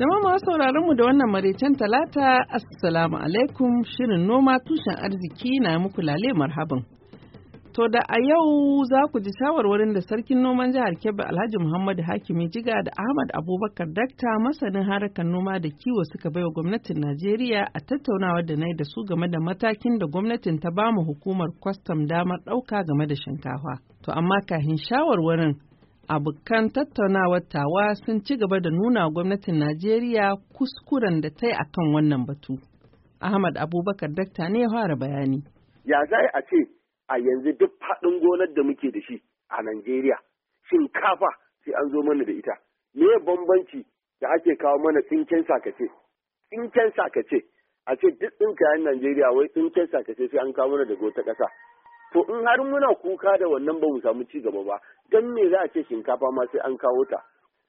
Jama'a masu sauraron mu da wannan maraicen talata assalamu alaikum shirin noma tushen arziki na muku lale marhaban. To da a yau za ku ji shawarwarin da sarkin noman jihar Kebbi Alhaji Muhammadu Hakimi Jiga da Ahmad Abubakar Dakta masanin harkar noma da kiwo suka baiwa gwamnatin Najeriya a tattaunawar da na da su game da matakin da gwamnatin ta bamu hukumar kwastam damar ɗauka game da shinkafa. To amma kahin shawarwarin abokan tattaunawar tawa sun ci gaba da nuna gwamnatin Najeriya kuskuren da ta yi akan wannan batu. Ahmad Abubakar dakta ne ya fara bayani. Ya za a ce a yanzu duk faɗin gonar da muke da shi a Najeriya shinkafa sai an zo mana da ita. Me bambanci da ake kawo mana tsinken sakace? Tsinken sakace a ce duk ɗin kayan Najeriya wai tsinken sakace sai an kawo mana daga wata ƙasa. har muna kuka da wannan ba mu samu ci gaba ba dan me za a ce shinkafa ma sai an kawo ta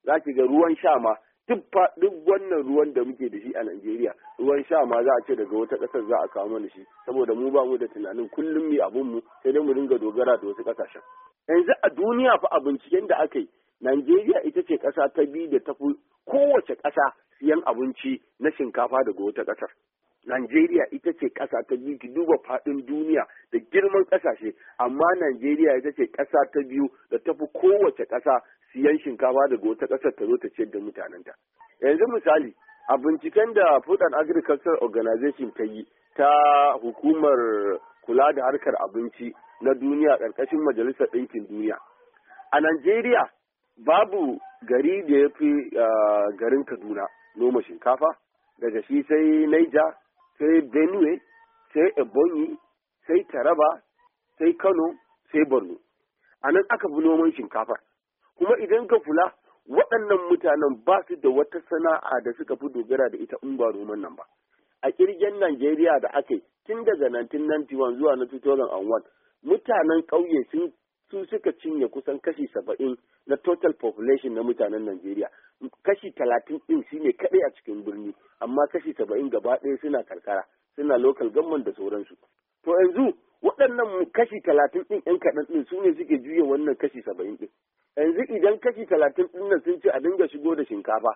za ki ga ruwan sha ma duk wannan ruwan da muke da shi a Najeriya ruwan sha ma za a ce daga wata ƙasar za a kawo mana shi saboda mu ba mu da tunanin kullum mai abun mu sai dai mu dinga dogara da wasu ƙasashen yanzu a duniya fa a binciken da aka yi Najeriya ita ce ƙasa ta biyu da tafi kowace ƙasa siyan abinci na shinkafa daga wata ƙasar Najeriya ita ce ƙasa ta biyu ki duba faɗin duniya da girman ƙasashe amma Najeriya ita ce ƙasa ta biyu da tafi kowace ƙasa siyan shinkafa daga wata ƙasar ta zo ta ciyar da mutanenta. Yanzu misali a binciken da Food and Agriculture Organization ta yi ta hukumar kula da harkar abinci na duniya ƙarƙashin Majalisar Ɗinkin Duniya. A Najeriya babu gari da ya fi ah, garin Kaduna noma shinkafa daga shi sai Niger sai benue sai ebonyi sai taraba sai kano sai borno a nan aka fi noman shinkafa kuma idan ka kula waɗannan mutanen ba su da wata sana'a da suka fi dogara da ita in ba noman nan ba a ƙirgen najeriya da aka tun daga 1991 zuwa na 2001 mutanen ƙauye sun su suka cinye kusan kashi saba'in na total population na mutanen Najeriya. Kashi talatin ɗin shine kaɗai a cikin birni, amma kashi saba'in gaba ɗaya suna karkara, suna local government da sauransu. To yanzu waɗannan kashi talatin ɗin ‘yan kaɗan ɗin su ne suke juya wannan kashi saba'in ɗin. Yanzu idan kashi talatin ɗin nan sun ci a dinga shigo da shinkafa,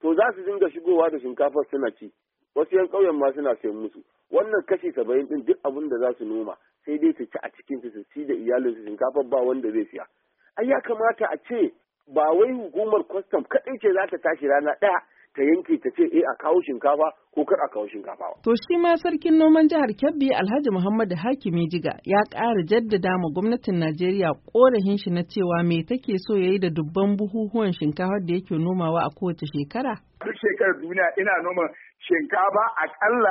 to za su dinga shigowa da shinkafa suna ci. wasu yan ƙauyen ma suna sayan musu wannan kashi saba'in din duk abin da za su noma sai dai su ci a cikin su ci da iyalin su shinkafa ba wanda zai siya ai ya kamata a ce ba wai hukumar kwastam kaɗai ce za ta tashi rana ɗaya ta yanke ta ce eh a kawo shinkafa ko kar a kawo shinkafa. To shi ma sarkin noman jihar Kebbi Alhaji Muhammadu Hakimi Jiga ya ƙara jaddada ma gwamnatin Najeriya ƙorafin shi na cewa me take so yayi da dubban buhuhuwan shinkafar da yake nomawa a kowace shekara. Duk shekarar duniya ina noma shinkafa a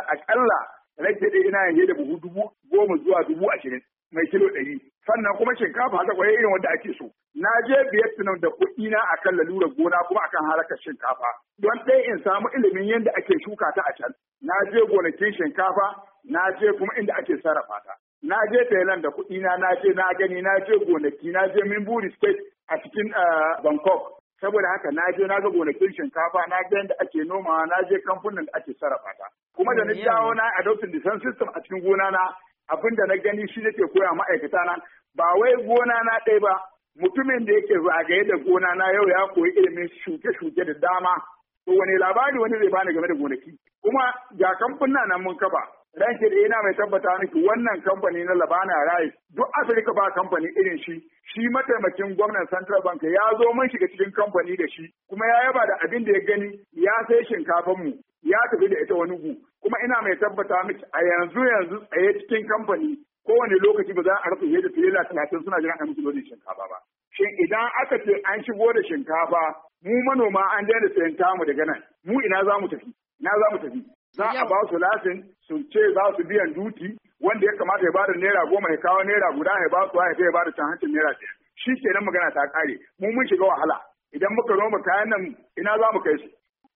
akalla rage da ina yanke da buhu dubu goma zuwa dubu ashirin mai kilo ɗari sannan kuma shinkafa haka kwaye irin wanda ake so na je Vietnam da kuɗi na akan lalura gona kuma akan harakar shinkafa don ɗaya in samu ilimin yadda ake shuka ta a can na je gonakin shinkafa na je kuma inda ake sarrafa ta na je Thailand da kuɗi na na je na gani na je gonaki na je buri State a cikin eh, Bangkok saboda haka na je na ga gonakin shinkafa na ga yadda ake noma na je kamfunan da ake sarrafa ta kuma da na dawo na adopting defense system a cikin gona na abin da na gani shi nake koya ma'aikata na ba wai gona na ɗaya ba mutumin da yake zagaye da gona na yau ya koyi ilimin shuke-shuke da dama to wani labari wani zai bani game da gonaki kuma ga kamfuna nan mun kafa ranke da yana mai tabbata miki wannan kamfani na labana rai duk afirka ba kamfani irin shi shi mataimakin gwamnan central bank ya zo mun shiga cikin kamfani da shi kuma ya yaba da abin da ya gani ya sai shinkafan mu ya tafi da ita wani gu kuma ina mai tabbata miki a yanzu yanzu tsaye cikin kamfani kowane lokaci ba za a rasa yadda fiye da talatin suna jiran a musu lodin shinkafa ba. Shin idan aka ce an shigo da shinkafa mu manoma an daina sayan tamu daga nan mu ina za mu tafi ina za mu tafi za a ba su lasin su ce za su biyan duti wanda ya kamata ya bada naira goma ya kawo naira guda ya ba su ya bada can hancin naira biyar shi nan magana ta kare mu mun shiga wahala idan muka noma kayan nan ina za mu kai su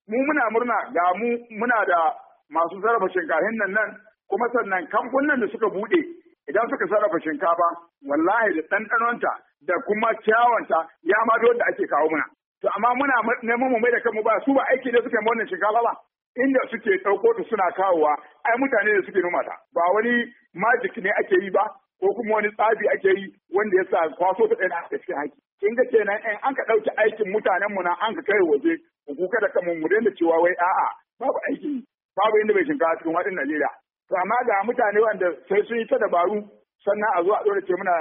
mu muna murna ga mu muna da masu sarrafa shinkafin nan nan kuma sannan kamfunan da suka buɗe idan suka sarrafa shinkafa wallahi da ɗanɗanonta da kuma kyawanta ya ma da ake kawo muna. To amma muna neman mu mai da kanmu ba su ba aiki da suke wannan shinkafa ba. Inda suke ɗauko ta suna kawowa ai mutane da suke noma ta ba wani majik ne ake yi ba ko kuma wani tsabi ake yi wanda ya sa kwaso ta ɗaya da cikin haƙi. Kin ga kenan eh, an ka ɗauki aikin mutanen mu na an ka kai waje ku kuka da kanmu mu daina cewa wai a'a babu aiki babu inda bai shinkafa cikin waɗannan Najeriya. to amma ga mutane wanda sai sun yi ta dabaru sannan a zo a ɗora ce muna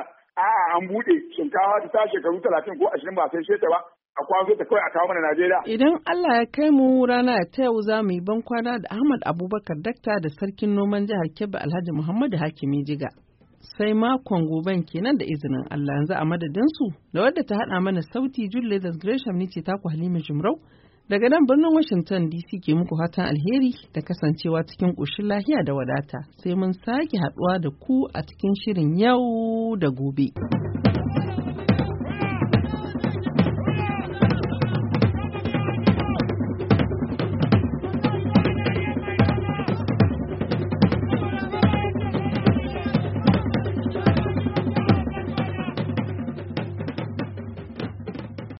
a'a an buɗe shinkafa ta shekaru talatin ko ashirin ba sai ta ba a kwazo ta kawai a kawo mana Najeriya. Idan Allah ya kai mu rana ta yau za mu yi ban kwana da Ahmad Abubakar Dakta da Sarkin Noman Jihar Kebbi Alhaji Muhammadu Hakimi Jiga. sai makon goben kenan da izinin Allah yanzu a su da wadda ta hada mana sauti Julius Gresham ni ce taku Halima Jumrau Daga nan birnin Washington DC ke muku fatan alheri da kasancewa cikin ƙoshin lahiya da wadata sai mun sake haɗuwa da ku a cikin shirin yau da gobe.